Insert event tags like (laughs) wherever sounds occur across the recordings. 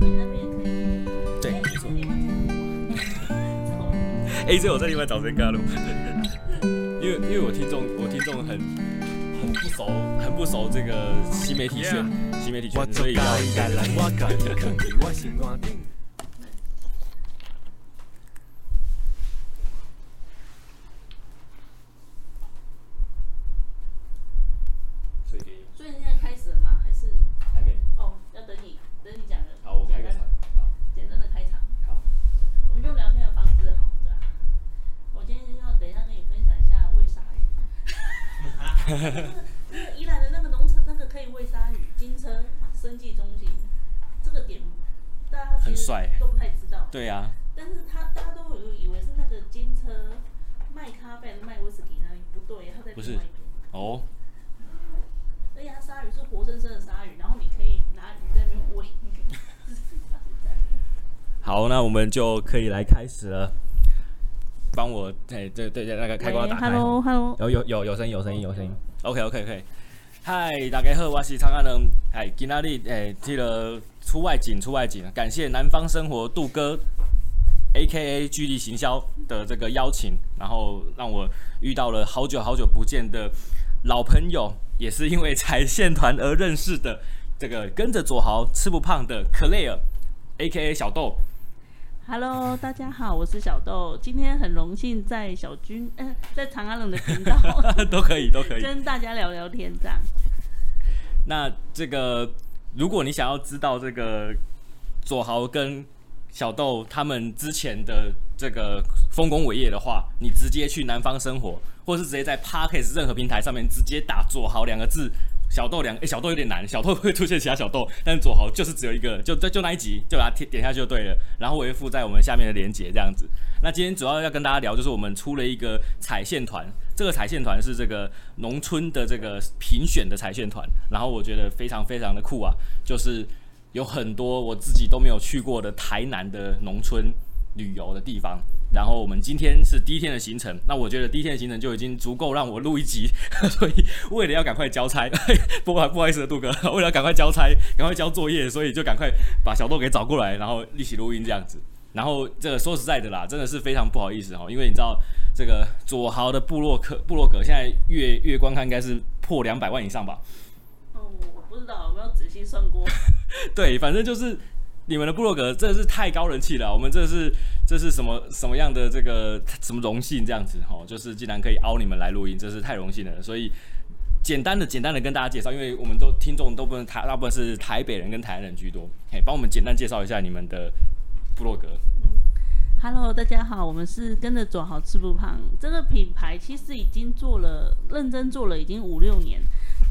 對，沒錯。欸，所以我在另外找這個，因為因為我聽眾，我聽眾很很不熟，很不熟這個新媒體圈，新媒體圈，我一所以 (laughs) 就可以來開始了，幫我，哎，對對對，那個開關打開。Hello，Hello。有有有有聲音，有聲音，有聲音。OK，OK，OK。嗨，大家好，我是蒼阿能。哎，今天呢，哎，去了出外景，出外景，感謝南方生活杜哥，A.K.A. 聚力行銷的這個邀請，然後讓我遇到了好久好久不見的老朋友，也是因為踩線團而認識的這個跟着左豪吃不胖的 Clare，A.K.A. 小豆。Hello，大家好，我是小豆。今天很榮幸在小軍，嗯、欸，在長安冷的頻道 (laughs) 都可以，都可以跟大家聊聊天這樣。 (laughs) 那這個，如果你想要知道這個左豪跟小豆他們之前的這個豐功偉業的話，你直接去南方生活，或是直接在 Podcast 任何平台上面直接打“左豪”兩個字。小豆兩誒、欸，小豆有點難，小豆會出現其他小豆，但是左豪就是只有一個，就就那一集，就把它點點下去就對了。然後我會附在我們下面的鏈接這樣子。那今天主要要跟大家聊，就是我們出了一個踩線團，這個踩線團是這個農村的這個評選的踩線團，然後我覺得非常非常的酷啊，就是有很多我自己都沒有去過的台南的農村旅遊的地方。然後我們今天是第一天的行程，那我覺得第一天的行程就已經足夠讓我錄一集，所以為了要趕快交差，不不不好意思，杜哥，為了要趕快交差，趕快交作業，所以就趕快把小豆給找過來，然後一起錄音這樣子。然後這個說實在的啦，真的是非常不好意思哈，因為你知道這個左豪的部落客部落格現在月月觀看應該是破兩百萬以上吧？哦，我不知道，我沒有仔細算過。 (laughs) 對，反正就是。你們的部落格真的是太高人氣了，我們這是這是什麼什麼樣的這個什麼榮幸這樣子哈、哦，就是竟然可以凹你們來錄音，真是太榮幸了。所以簡單的簡單的跟大家介紹，因為我們都聽眾都不能台，大部分是台北人跟台灣人居多，嘿，幫我們簡單介紹一下你們的部落格。嗯，Hello，大家好，我們是跟着左豪吃不胖這個品牌，其實已經做了認真做了已經五六年，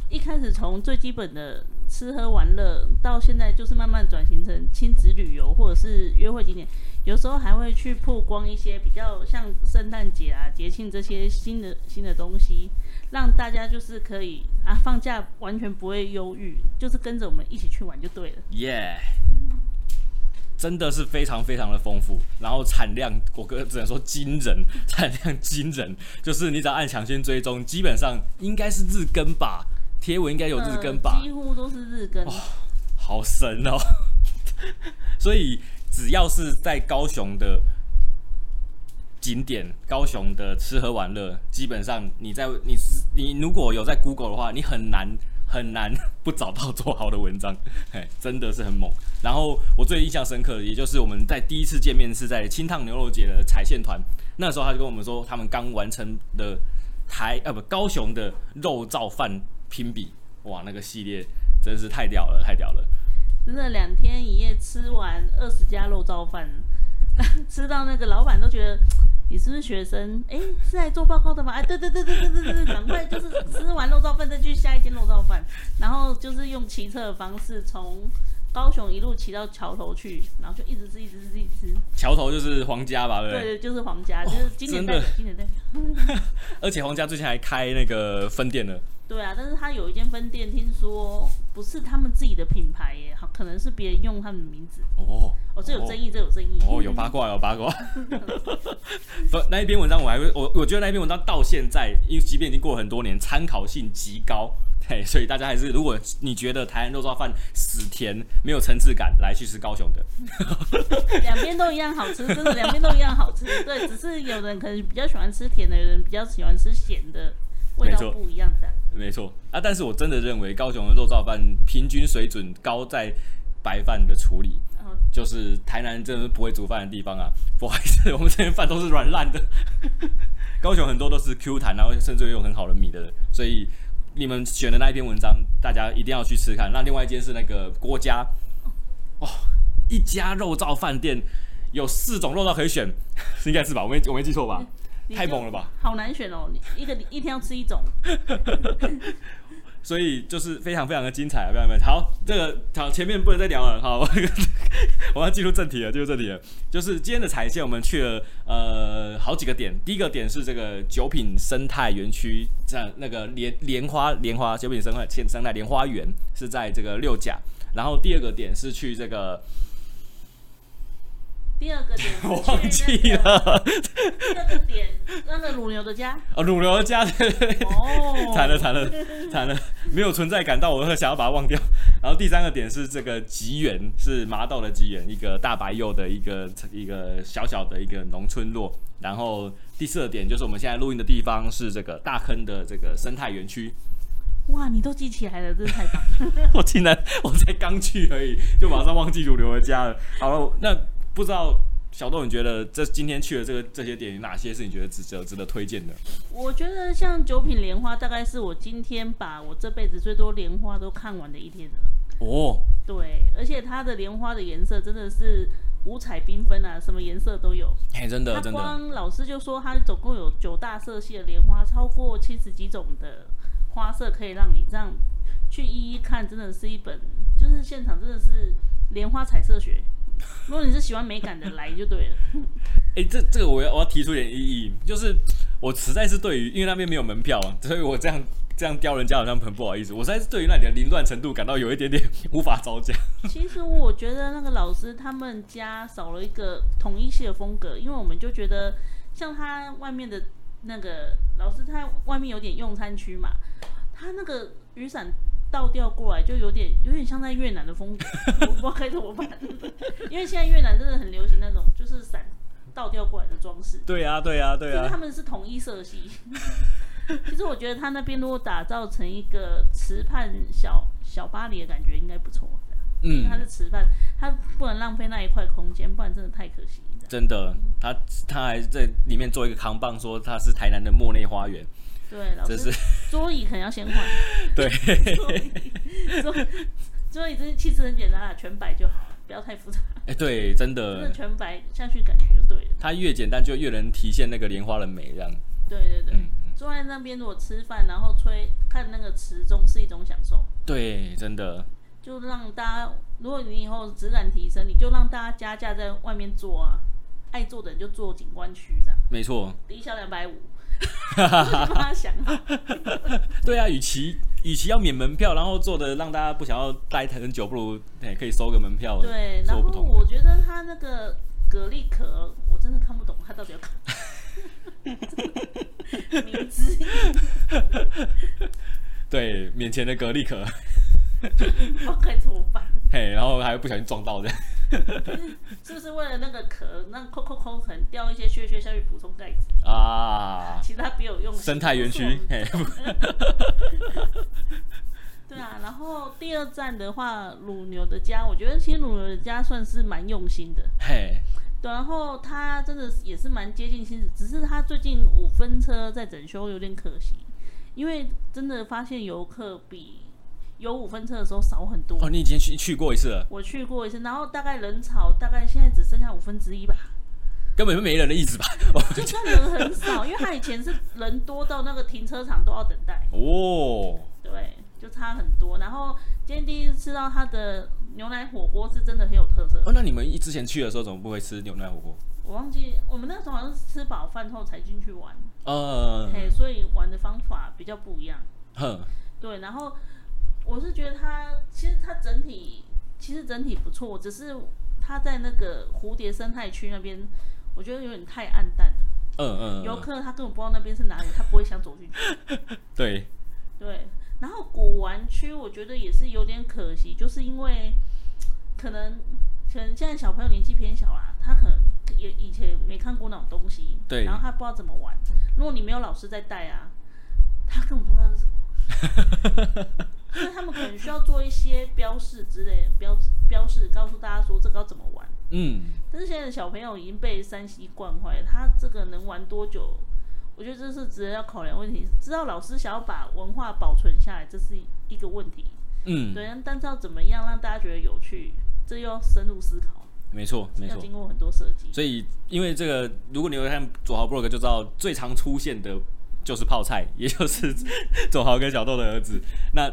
一開始從最基本的。吃喝玩樂到現在就是慢慢轉型成親子旅遊或者是約會景點，有時候還會去曝光一些比較像聖誕節啊節慶這些新的新的東西，讓大家就是可以啊放假完全不會憂鬱，就是跟着我們一起去玩就對了。耶，yeah, 真的是非常非常的豐富，然後產量果哥只能說驚人，產量驚人，就是你只要按搶先追蹤，基本上應該是日更吧。貼文應該有日更吧，幾乎都是日更，哦，好神哦！ (laughs) 所以只要是在高雄的景點、高雄的吃喝玩樂，基本上你在你你如果有在 Google 的話，你很難很難不找到左豪的文章，嘿，真的是很猛。然後我最印象深刻的，也就是我們在第一次見面是在清燙牛肉節的踩線團，那時候他就跟我們說，他們剛完成的台呃，啊、不高雄的肉燥飯。評比，哇，那個系列真是太屌了，太屌了！真的兩天一夜吃完二十家肉燥飯，吃到那個老闆都覺得你是不是學生？哎、欸，是來做報告的嗎？哎、啊，對對對對對對對，趕快就是吃完肉燥飯再去下一間肉燥飯，然後就是用騎車的方式從高雄一路騎到橋頭去，然後就一直吃，一直吃，一直吃。橋頭就是皇家吧？對，對，對，就是皇家，就是今年代表，哦、今年代表。 (laughs) 而且皇家最近還開那個分店了。對啊，但是他有一間分店，聽說不是他們自己的品牌耶，可能是別人用他們的名字。哦，哦，這有爭議，哦、這有爭議。嗯、哦，有八卦，有八卦。不， (laughs) (laughs) 那一篇文章我還會，我我覺得那一篇文章到現在，因為即便已經過很多年，參考性極高。嘿，所以大家還是，如果你覺得台灣肉燥飯死甜沒有層次感，來去吃高雄的。 (laughs) (laughs) 兩邊都一樣好吃，真的，兩邊都一樣好吃。 (laughs) 對，只是有人可能比較喜歡吃甜的，有人比較喜歡吃鹹的。沒錯，沒錯啊，但是我真的認為高雄的肉燥飯平均水準高在白飯的處理，就是台南真的不會煮飯的地方啊。不好意思，我們這邊飯都是軟爛的， (laughs) 高雄很多都是 Q 彈，然後甚至也有很好的米的。所以你們選的那一篇文章，大家一定要去吃看。那另外一間是那個郭家，哦，一家肉燥飯店有四種肉燥可以選，應 (laughs) 該是吧？我沒我沒記錯吧？嗯太猛了吧！好難選哦，你一個一天要吃一種， (laughs) (laughs) 所以就是非常非常的精彩啊，非常非常好。這個好，前面不能再聊了，好， (laughs) 我要我要進入正題了，進入正題了。就是今天的踩線，我們去了呃好幾個點。第一個點是這個九品生態園區，在那個蓮蓮花蓮花九品生態現生態蓮花園是在這個六甲，然後第二個點是去這個。第二個點我忘記了， (laughs) 第二個點那個乳牛的家哦，乳牛的家慘、哦、了慘了慘了，沒有存在感到，我想要把它忘掉。然後第三個點是這個吉園，是麻豆的吉園，一個大白柚的一個一個小小的一個農村落。然後第四個點就是我們現在錄音的地方是這個大坑的這個生態園區。哇，你都記起來了，真是太棒了。 (laughs) 我竟然我才剛去而已，就馬上忘記乳牛的家了。好了，那。不知道小豆，你覺得這今天去的這個這些點有哪些，是你覺得值得值得推薦的？我覺得像九品蓮花，大概是我今天把我這輩子最多蓮花都看完的一天。哦，對，而且它的蓮花的顏色真的是五彩繽紛啊，什麼顏色都有。哎，真的，他光老師就說他總共有九大色系的蓮花，超過七十幾種的花色可以讓你這樣去一一看，真的是一本，就是現場真的是蓮花彩色學。如果你是喜歡美感的，來就對了。哎、 (laughs) 欸，這這個我要我要提出一點異議，就是我實在是對於，因為那邊沒有門票，所以我這樣這樣叼人家好像很不好意思，我實在是對於那裡的凌亂程度感到有一點點無法招架。其實我覺得那個老師他們家少了一個統一系的風格，因為我們就覺得像他外面的那個老師，他外面有點用餐區嘛，他那個雨傘。倒吊過來就有點有點像在越南的風格，我不知道該怎麼辦。因為現在越南真的很流行那種就是傘倒吊過來的裝飾。對啊對啊對啊。因為他們是統一色系。其實我覺得他那邊如果打造成一個池畔小小巴黎的感覺應該不錯。嗯，他是池畔，他不能浪費那一塊空間，不然真的太可惜。真的，他他還在裡面做一個扛棒，說他是台南的莫內花園。對，老師桌椅肯定要先換。對，桌桌椅其實其實很簡單啊，全擺就好，不要太複雜。哎，對，真的， (laughs) 全擺下去感覺就對了。它越簡單就越能體現那個蓮花的美，這樣。對對對，嗯、坐在那邊如果吃飯，然後吹看那個池中是一種享受。對，真的。就讓大家，如果你以後質感提升，你就讓大家加價在外面坐啊，愛坐的人就坐景觀區這樣。沒錯，低消兩百五。哈哈哈哈哈！對啊，與其與其要免門票，然後做的讓大家不想要待很久，不如哎可以收個門票。對，然後我覺得他那個蛤蜊殼，我真的看不懂他到底要搞，名字。對，免錢的蛤蜊殼。我該 (laughs) 怎麼辦？嘿，hey, 然後還不小心撞到人、 (laughs) 就是，是、就、不是為了那個殼，那摳摳摳痕掉一些屑屑下去補充蓋子啊？其他比有用生態園區，嘿，對啊。然後第二站的話，乳牛的家，我覺得其實乳牛的家算是蠻用心的，嘿 Hey。然後他真的也是蠻接近現實，只是他最近五分車在整修，有點可惜，因為真的發現遊客比。有五分車的時候少很多哦。你已經去去過一次了？我去過一次，然後大概人潮大概現在只剩下五分之一吧，根本就沒人的意思吧。就是人很少，因為他以前是人多到那個停車場都要等待哦。對，就差很多。然後今天第一次吃到他的牛奶火鍋，是真的很有特色哦。那你們一之前去的時候怎麼不會吃牛奶火鍋？我忘記我們那時候好像是吃飽飯後才進去玩。嗯，嘿，所以玩的方法比較不一樣。哼，對，然後。我是覺得他其實他整體其實整體不錯，只是他在那個蝴蝶生態區那邊，我覺得有點太暗淡了。嗯嗯、嗯、嗯嗯。遊客他根本不知道那邊是哪裡，他不會想走進去。 (laughs) 對。對。然後古玩區我覺得也是有點可惜，就是因為可能可能現在小朋友年紀偏小啊，他可能也以前沒看過那種東西，對。然後他不知道怎麼玩。如果你沒有老師在帶啊，他根本不知道是什麼。 (laughs) 因為他們可能需要做一些標示之類的標標，標示，告訴大家說這個要怎麼玩。嗯，但是現在小朋友已經被三 C 慣壞，他這個能玩多久？我覺得這是值得要考量問題。知道老師想要把文化保存下來，這是一個問題。嗯，對。但是要怎麼樣讓大家覺得有趣，這又要深入思考。沒錯，沒錯，要經過很多設計。所以，因為這個，如果你有看左豪 Blog 就知道最常出現的。就是泡菜，也就是左豪跟小豆的兒子。 (laughs) 那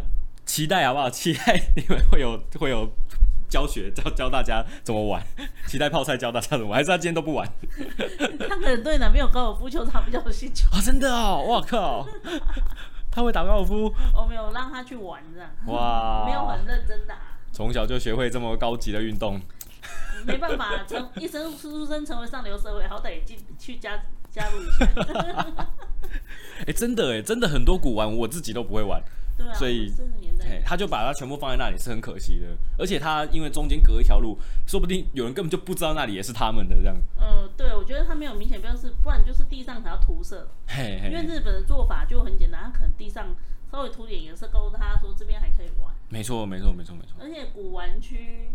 期待好不好？期待你們會有會有教學，教教大家怎麼玩。期待泡菜教大家怎麼玩。還是他今天都不玩？ (laughs) 他可能對呢，沒有高爾夫球場比較有興趣。啊、哦，真的哦，我靠、哦！ (laughs) 他會打高爾夫？我沒有讓他去玩，這樣、啊、哇， (laughs) 沒有很認真的、啊，從小就學會這麼高級的運動， (laughs) 沒辦法，成一生出生成為上流社會，好歹也進去加加入一下。 (laughs) 哎，欸、真的哎、欸，真的很多古玩，我自己都不會玩，對啊、所以、嗯欸，他就把它全部放在那裡，是很可惜的。而且他因為中間隔一條路，說不定有人根本就不知道那裡也是他們的這樣。嗯、呃，對，我覺得他沒有明顯標示，不然就是地上還要塗色，因為日本的做法就很簡單，他可能地上稍微塗點顏色，告訴他說這邊還可以玩。沒錯，沒錯，沒錯，沒錯。而且古玩區。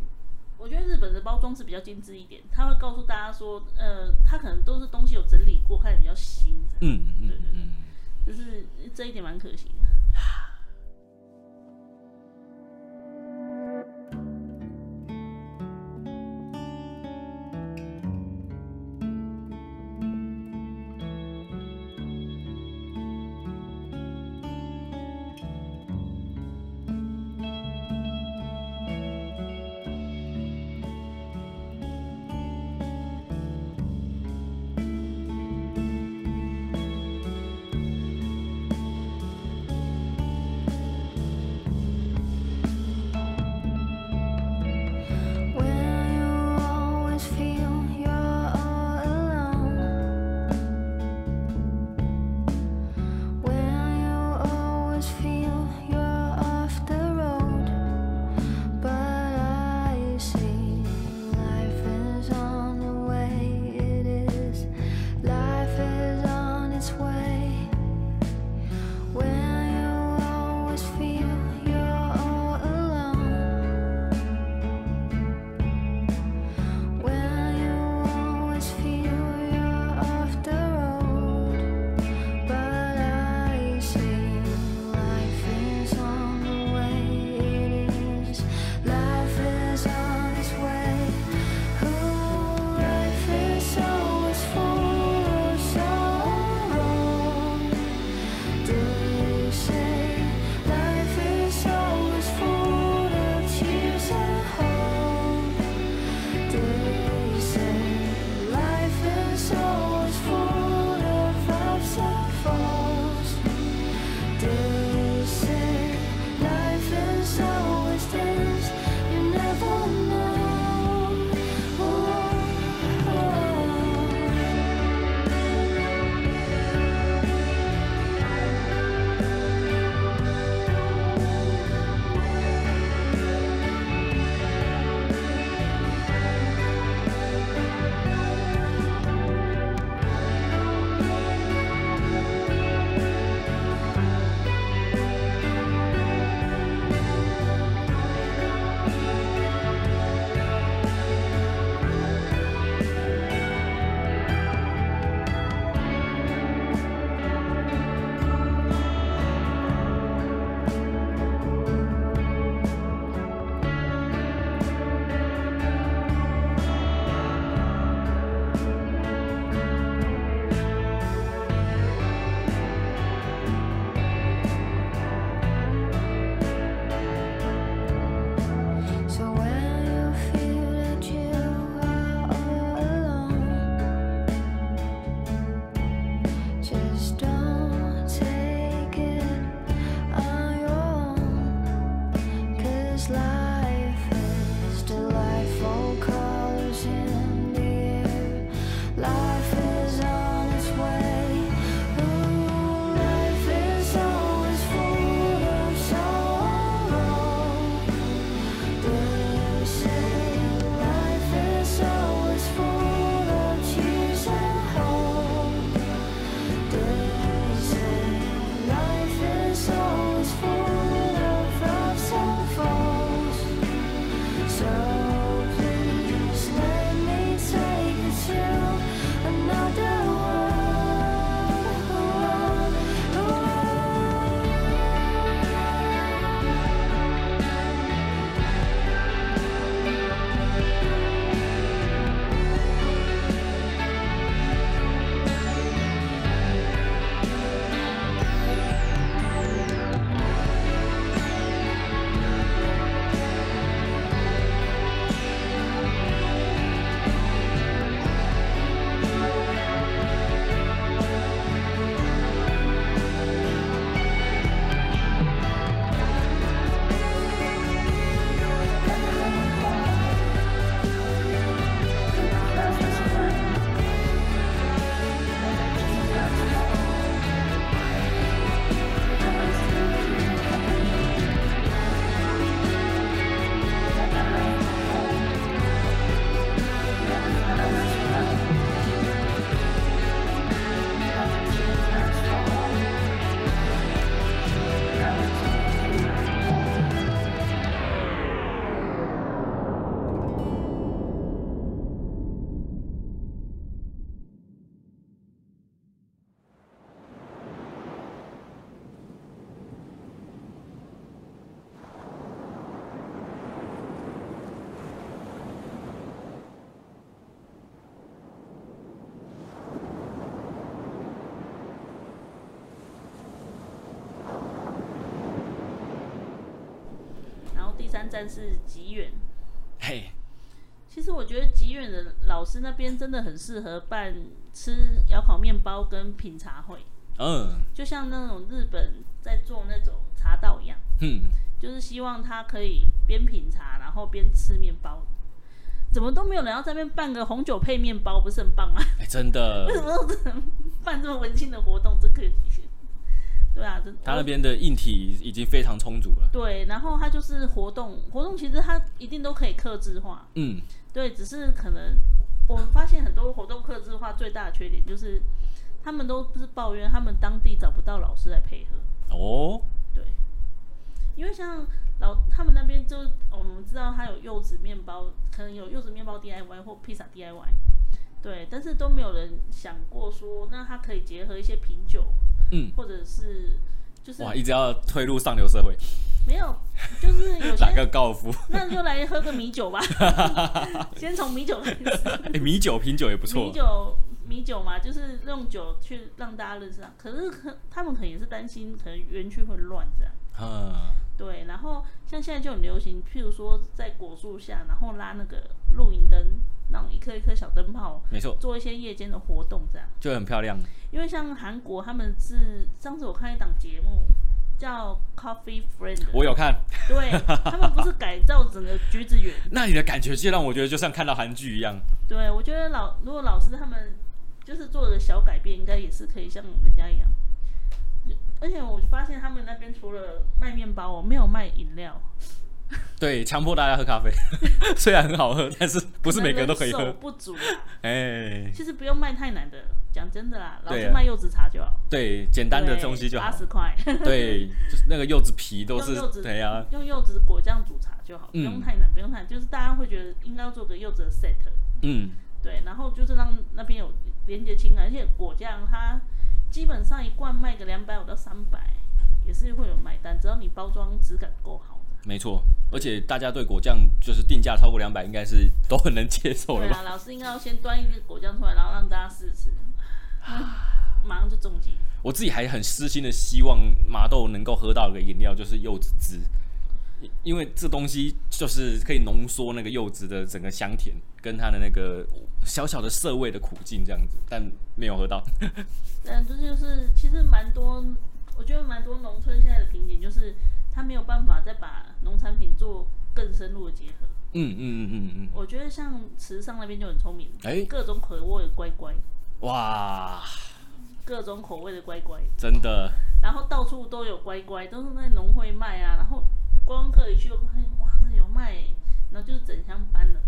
我覺得日本的包裝是比較精致一點，他會告訴大家說，呃，他可能都是東西有整理過，看起來比較新。嗯嗯，對對對，就是這一點蠻可惜的。但是吉園，嘿，Hey. 其實我覺得吉園的老師那邊真的很適合辦吃窑烤麵包跟品茶會，uh. 嗯，就像那種日本在做那種茶道一樣，嗯，hmm. 就是希望他可以邊品茶，然後邊吃面包，怎麼都沒有人要在那邊辦個紅酒配面包，不是很棒嗎？哎，hey, 真的， (laughs) 為什麼只能辦這麼文靜的活動？這個。對啊，他那邊的硬體已經非常充足了，哦。對，然後他就是活動，活動其實他一定都可以客製化。嗯，對，只是可能我們發現很多活動客製化最大的缺點就是，他們都是抱怨他們當地找不到老師來配合。哦，對，因為像老他們那邊就是我們知道他有柚子面包，可能有柚子面包 DIY 或披薩 DIY，對，但是都沒有人想過說那他可以結合一些品酒。嗯，或者是就是哇，一直要推入上流社會，沒有，就是打個高爾夫，那就來喝個米酒吧， (laughs) (laughs) 先從米酒開始。哎，米酒，品酒也不錯啊。米酒，米酒嘛，就是用酒去讓大家認識啊。可是可他們可能也是擔心，可能園區會亂這樣。嗯，對。然後像現在就很流行，譬如說在果樹下，然後拉那個露營燈。那種一顆一顆小燈泡，沒錯，做一些夜間的活動，這樣就很漂亮。嗯，因為像韓國他們是上次我看一檔節目叫《Coffee Friend》，我有看，對 (laughs) 他們不是改造整個橘子園，那你的感覺就讓我覺得就像看到韓劇一樣。對，我覺得老如果老師他們就是做的小改變，應該也是可以像人家一樣。而且我發現他們那邊除了賣麵包，我沒有賣飲料。 (laughs) 對，強迫大家喝咖啡， (laughs) 雖然很好喝，但是不是每個都可以喝。人手不足啊，哎， (laughs) 其實不用賣太難的，講真的啦，老是賣柚子茶就好對、啊。對，簡單的東西就好。八十塊。 (laughs) 對，就是那個柚子皮都是對用， (laughs) 用柚子果醬煮茶就好，嗯、不用太難，不用太，難，就是大家會覺得應該要做個柚子的 set。嗯，對，然後就是讓那邊有連接清啊，而且果醬它基本上一罐賣個兩百五到三百，也是會有買單，只要你包裝質感夠好。沒錯，而且大家對果醬就是定價超過兩百，應該是都很能接受了吧？對啊，老師應該要先端一個果醬出來，然後讓大家試吃，馬上就中計。我自己還很私心的希望麻豆能夠喝到一個飲料，就是柚子汁，因為這東西就是可以濃縮那個柚子的整個香甜，跟它的那個小小的澀味的苦勁這樣子，但沒有喝到。但這就是其實蠻多，我覺得蠻多農村現在的瓶頸就是。他沒有辦法再把農產品做更深入的結合。嗯嗯嗯嗯嗯。嗯嗯嗯，我覺得像池上那邊就很聰明，哎、欸，各種口味的乖乖。哇！各種口味的乖乖。真的。然後到處都有乖乖，都是在農會賣啊。然後觀光客一去，哇，那有賣、欸，然後就是整箱搬了。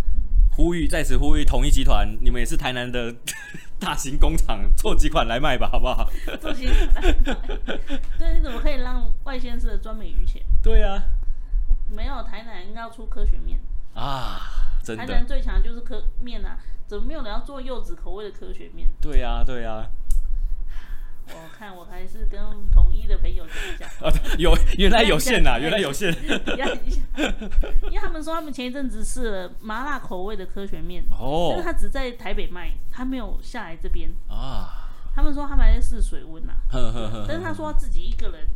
呼籲在此呼籲統一集團，你們也是台南的。 (laughs) 大型工廠做幾款來賣吧，好不好？大型， (laughs) 對，你怎麼可以讓外縣市專美於前？對啊，沒有台南應該要出科學麵啊！真的，台南最強就是科麵啊，怎麼沒有人要做柚子口味的科學麵？對啊，對啊。我、哦、看我還是跟統一的朋友講一下。啊，有原來有限吶，原來有限。因為他們說他們前一陣子試了麻辣口味的科學麵，哦，但是他只在台北賣，他沒有下來這邊啊。他們說他們還在試水溫吶、啊，但是他說他自己一個人，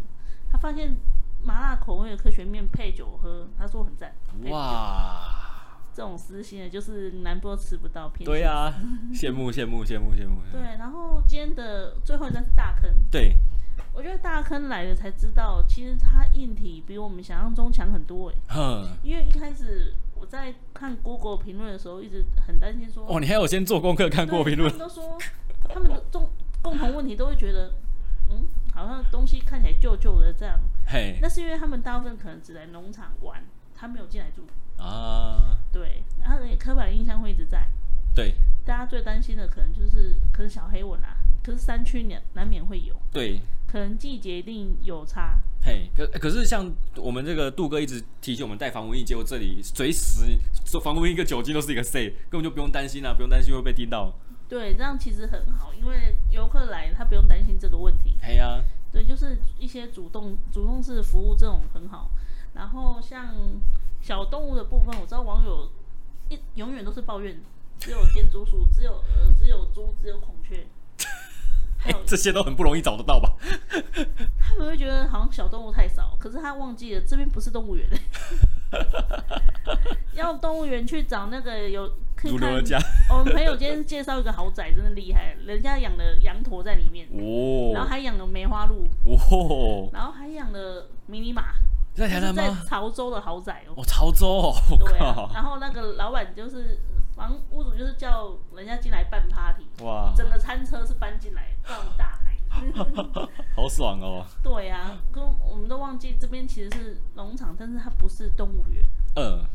他發現麻辣口味的科學麵配酒喝，他說很讚。哇。這種私心的，就是南波吃不到片。對啊，羨慕羨慕羨慕羨慕。羨慕羨慕對，然後今天的最後一站是大坑。對，我覺得大坑來了才知道，其實它硬體比我們想象中強很多哎。嗯呵。因為一開始我在看 Google 評論的時候，一直很擔心說，哦，你還有先做功課看過評論？都說他們的共同問題都會覺得，嗯，好像東西看起來舊舊的這樣。嘿。那是因為他們大部分可能只來農場玩，他沒有進來住。Uh, 啊，對，然後你刻板印象會一直在。對，大家最擔心的可能就是，可是小黑蚊啊，可是山區難難免會有。對，可能季節一定有差。嘿對，嗯、可可是像我們這個杜哥一直提醒我們帶防蚊液，結果這裡隨時做防蚊液，一個酒精都是一個 C，根本就不用擔心啊，不用擔心會被叮到。對，這樣其實很好，因為遊客來他不用擔心這個問題。哎呀、啊，對，就是一些主動主動式服務這種很好，然後像。小動物的部分，我知道網友一永遠都是抱怨，只有天竺鼠，只有呃，只有豬，只有孔雀還有、欸，這些都很不容易找得到吧？他們會覺得好像小動物太少，可是他忘記了這邊不是動物園， (laughs) 要動物園去找那個有主人家。我們朋友今天介紹一個豪宅，真的厲害，人家養了羊駝在裡面，哦，然後還養了梅花鹿，哦，然後還養了迷你馬。在潮州的豪宅哦，哦潮州哦，對、啊、哦然後那個老闆就是房屋主，就是叫人家進來辦 party，哇，整個餐車是搬進來放大，海， (laughs) 好爽哦。對啊，跟我們都忘記這邊其實是農場，但是它不是動物園。嗯、呃，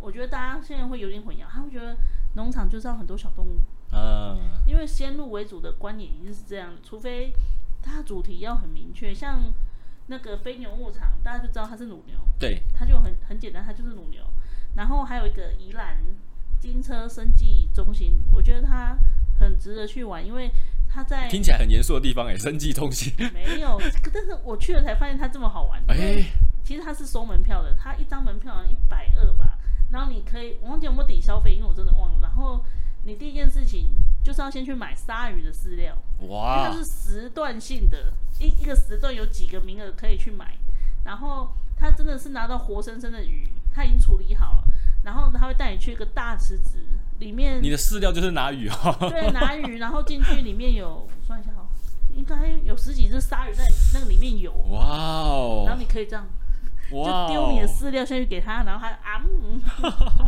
我覺得大家現在會有點混淆，他會覺得農場就是要很多小動物，嗯、呃，因為先入為主的觀念一定是這樣的，除非他主題要很明確，像。那個飛牛牧場，大家就知道它是乳牛，對，它就很很簡單，它就是乳牛。然後還有一個宜蘭金車生技中心，我覺得它很值得去玩，因為它在聽起來很嚴肅的地方哎、欸，生技中心沒有，但是我去了才發現它這麼好玩。 (laughs) 其實它是收門票的，它一張門票好像一百二吧，然後你可以我忘記有沒有抵消費，因為我真的忘了。然後你第一件事情。就是要先去買鯊魚的飼料，哇！那個是時段性的，一一個時段有幾個名額可以去買。然後他真的是拿到活生生的魚，他已經處理好了，然後他會帶你去一個大池子裡面。你的飼料就是拿魚哦，對，拿魚，然後進去裡面有，算一下好，應該有十幾隻鯊魚在那個裡面有，哇，然後你可以這樣，哇就丟你的飼料先去給他，然後他啊、嗯嗯嗯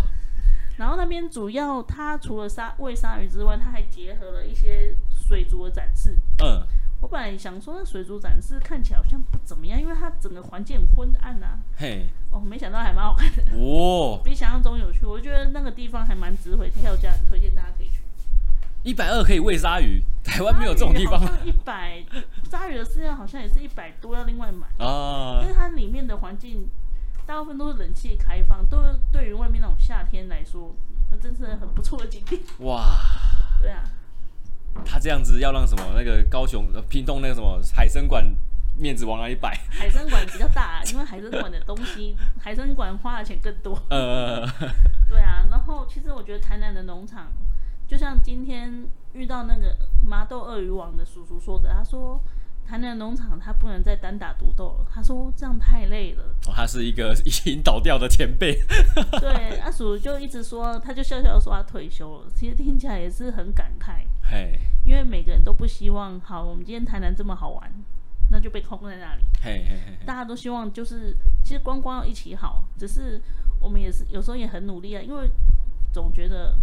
然後那邊主要它，除了鯊餵鯊魚之外，它還結合了一些水族的展示。嗯，我本來想說，那水族展示看起來好像不怎麼樣，因為它整個環境很昏暗啊。嘿，哦，沒想到還蠻好看的。哇、哦，比想象中有趣。我就覺得那個地方還蠻值回票價，推薦大家可以去。一百二可以餵鯊魚，台灣沒有這種地方。一百鯊， (laughs) 鯊魚的飼料好像也是一百多，要另外買哦，因為它裡面的環境。大部分都是冷氣開放，都是對於外面那種夏天來說，那真是很不錯的景點。哇！ (laughs) 對啊，他這樣子要讓什麼那個高雄、呃，屏東那個什麼海生館面子往哪裡擺？海生館比較大、啊， (laughs) 因為海生館的東西， (laughs) 海生館花的錢更多。呃， (laughs) 對啊。然後其實我覺得台南的農場，就像今天遇到那個麻豆鱷魚王的叔叔說的，他說。台南農場，他不能再單打獨鬥了。他說這樣太累了。哦，他是一個已經倒掉的前輩。 (laughs) 對，阿叔就一直說，他就笑笑說他退休了。其實聽起來也是很感慨。嘿因為每個人都不希望，好，我們今天台南這麼好玩，那就被空在那裡。嘿嘿嘿，大家都希望就是，其實觀光要一起好，只是我們也是有時候也很努力啊，因為總覺得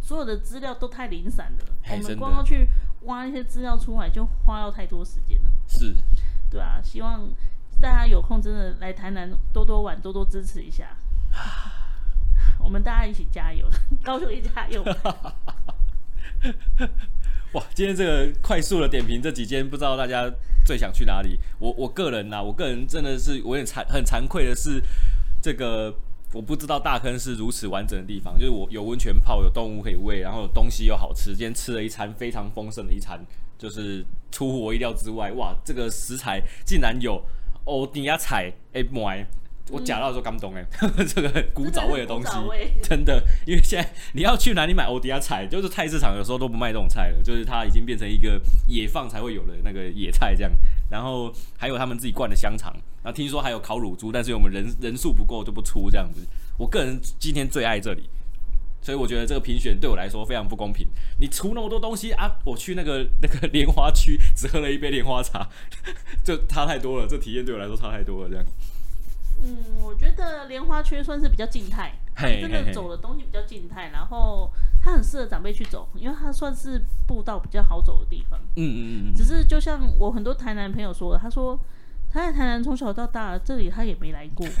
所有的資料都太零散了。嘿我們光要去。挖一些資料出來就花到太多時間了，是，對啊，希望大家有空真的來台南多多玩，多多支持一下，啊、 (laughs) 我們大家一起加油，高雄也加油。 (laughs) 哇，今天這個快速的點評，這幾間不知道大家最想去哪裡。我我個人吶、啊，我個人真的是我也慚很慚愧的是這個。我不知道大坑是如此完整的地方，就是我有溫泉泡，有動物可以餵，然後有東西又好吃。今天吃了一餐非常豐盛的一餐，就是出乎我意料之外。哇，這個食材竟然有歐迪亞菜哎，我講到的時候剛懂哎，嗯，這個古早味的東西，真的。因為現在你要去哪裡買歐迪亞菜，就是菜市場有時候都不賣這種菜了，就是它已經變成一個野放才會有的那個野菜這樣。然後還有他們自己灌的香腸。那、啊、聽說還有烤乳豬，但是我們人人數不夠就不出這樣子。我個人今天最愛這裡，所以我覺得這個評選對我來說非常不公平。你出那麼多東西啊！我去那個那個蓮花區，只喝了一杯蓮花茶， (laughs) 就差太多了。這體驗對我來說差太多了。這樣。嗯，我覺得蓮花區算是比較靜態，嘿嘿真的走的東西比較靜態，然後它很適合長輩去走，因為它算是步道比較好走的地方。嗯嗯嗯。只是就像我很多台南朋友說的，他說。他在台南從小到大，這裡他也沒來過。 (laughs) (laughs)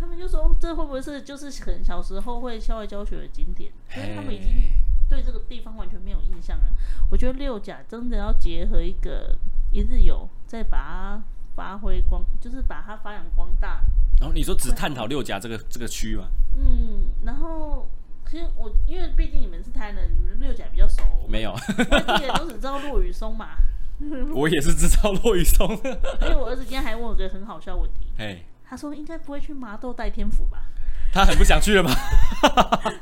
他們就說：“這會不會是就是很小時候會校外教學的景點？”因為他們已經對這個地方完全沒有印象了。我覺得六甲真的要結合一個一日遊，再把它發揮光，就是把它發揚光大。然後、哦、你說只探討六甲這個這個區域嘛？嗯，然後其實我因為畢竟你們是台南，你們六甲比較熟。沒有，我 (laughs) 們都只知道落羽松嘛。 (laughs) 我也是知道落羽松，因為我兒子今天還問我個很好笑的問題。哎，Hey, 他說應該不會去麻豆代天府吧？他很不想去了嗎？ (laughs)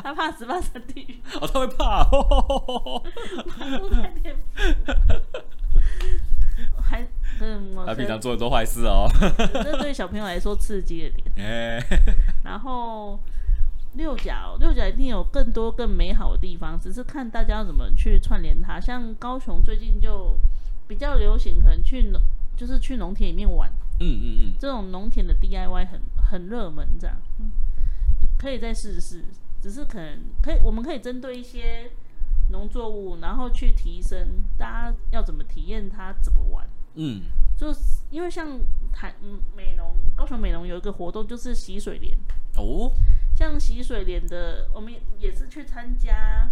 他怕十八層地獄。哦，他會怕。代、哦、 (laughs) 天府 (laughs) 還，嗯、他還他平常做很多壞事哦。 (laughs) 這對小朋友來說刺激一點。哎，然後六甲、六甲、哦、一定有更多更美好的地方，只是看大家要怎麼去串聯它。像高雄最近就。比較流行，可能去農就是去農田裡面玩，嗯嗯嗯，嗯嗯這種農田的 DIY 很很熱門，這樣、嗯，可以再試試。只是可能可以，我們可以針對一些農作物，然後去提升大家要怎麼體驗它，怎麼玩。嗯，就是因為像台美濃高雄美濃有一個活動，就是洗水蓮哦，像洗水蓮的，我們也是去參加。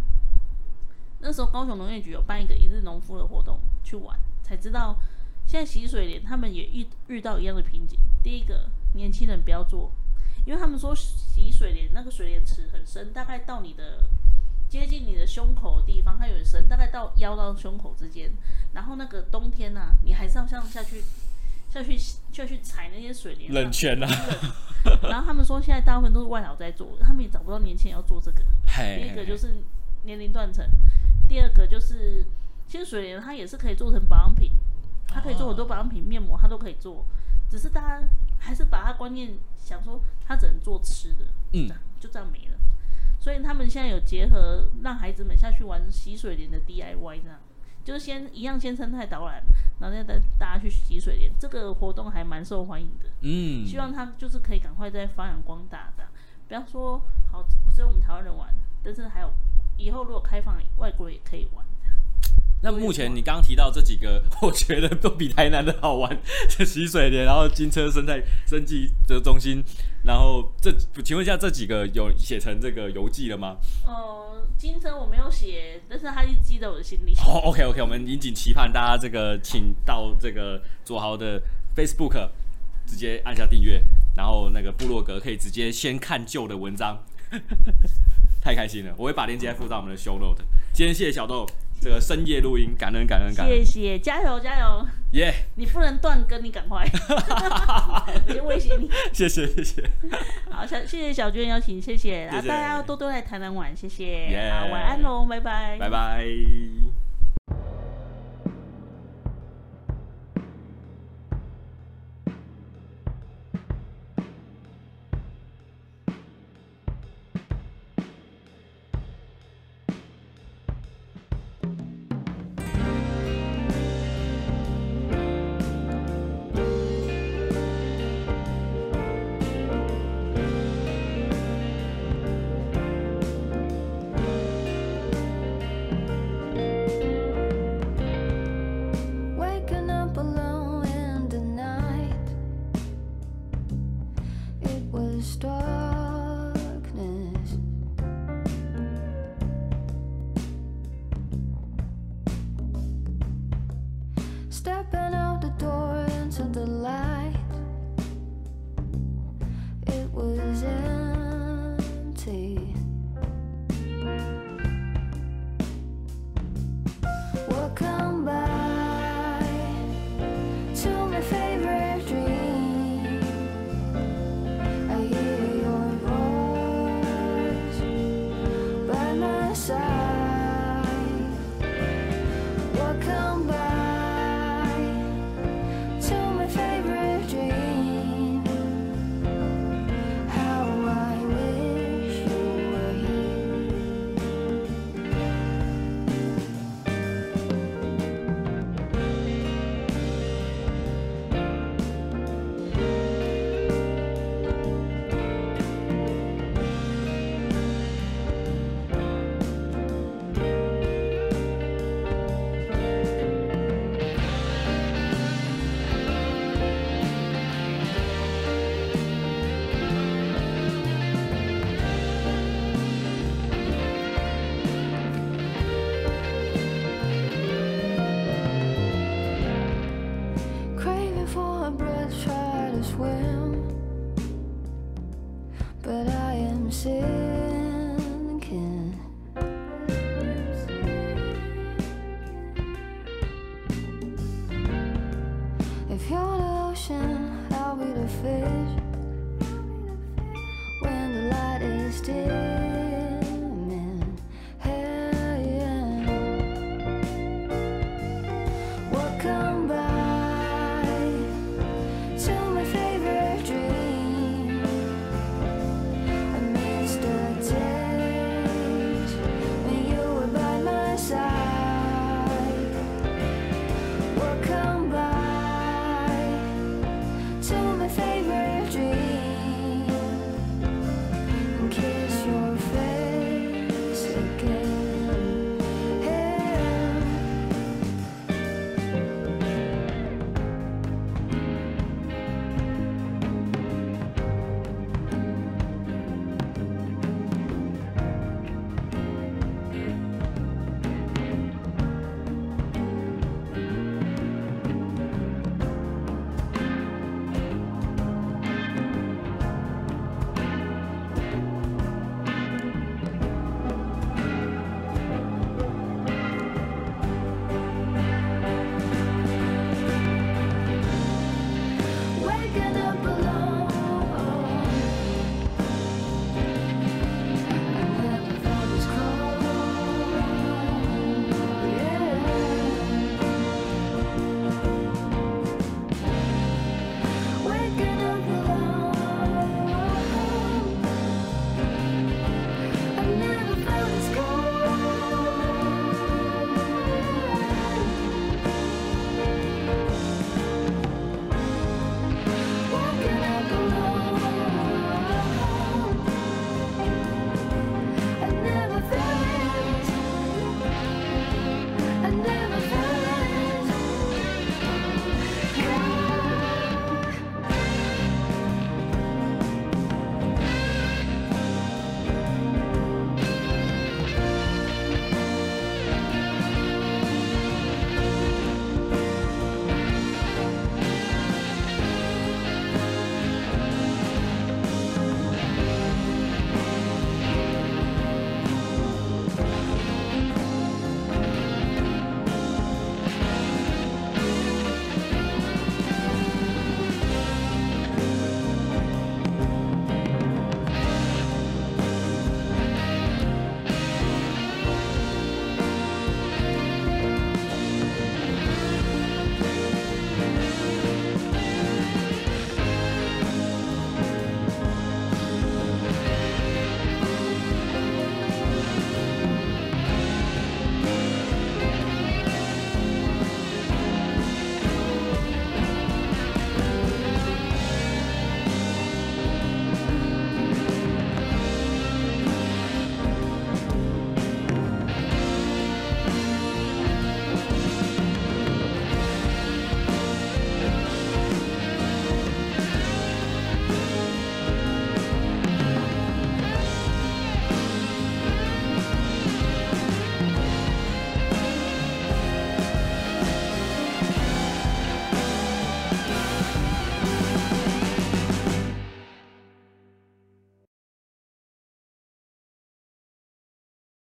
那時候高雄農業局有辦一個一日農夫的活動去玩，才知道現在洗水蓮他們也遇遇到一樣的瓶頸。第一個，年輕人不要做，因為他們說洗水蓮那個水蓮池很深，大概到你的接近你的胸口的地方，它很深，大概到腰到胸口之間。然後那個冬天呢、啊，你還是要像下去下去下去踩那些水蓮，冷泉啊。然後他們說現在大部分都是外勞在做，他們也找不到年輕人要做這個。嘿嘿嘿。第一個就是年齡斷層。第二個就是，其實水蓮它也是可以做成保養品，它可以做很多保養品、麵膜，它都可以做。只是大家還是把它觀念想說，它只能做吃的。嗯，啊，就這樣沒了。所以他們現在有結合讓孩子們下去玩香水蓮的 DIY，這樣就是先一樣先生態導覽，然後再帶大家去香水蓮。這個活動還蠻受歡迎的。嗯，希望它就是可以趕快再發揚光大。的，不要說好只有我們台灣人玩，但是還有。以後如果開放外國也可以玩。那目前你剛剛提到這幾個， (laughs) 我覺得都比台南的好玩，就洗水簾，然後金車生態生技的中心，然後這請問一下這幾個有寫成這個遊記了嗎？哦、呃，金車我沒有寫，但是它就記在我的心裡。哦，OK OK，我們引頸期盼大家這個，請到這個左豪的 Facebook，直接按下訂閱，然後那個部落格可以直接先看舊的文章。 (laughs) 太開心了！我會把鏈接附在我們的 show note。今天謝謝小豆，這個深夜錄音謝謝感恩，感恩感恩感恩。謝謝，加油加油！耶！Yeah. 你不能斷更，你趕快！哈先威脅你。謝謝謝謝。好小，謝謝謝小娟邀請，謝謝。然後謝大家要多多來台灣玩，謝謝。啊 Yeah.，晚安嘍，拜拜，拜拜。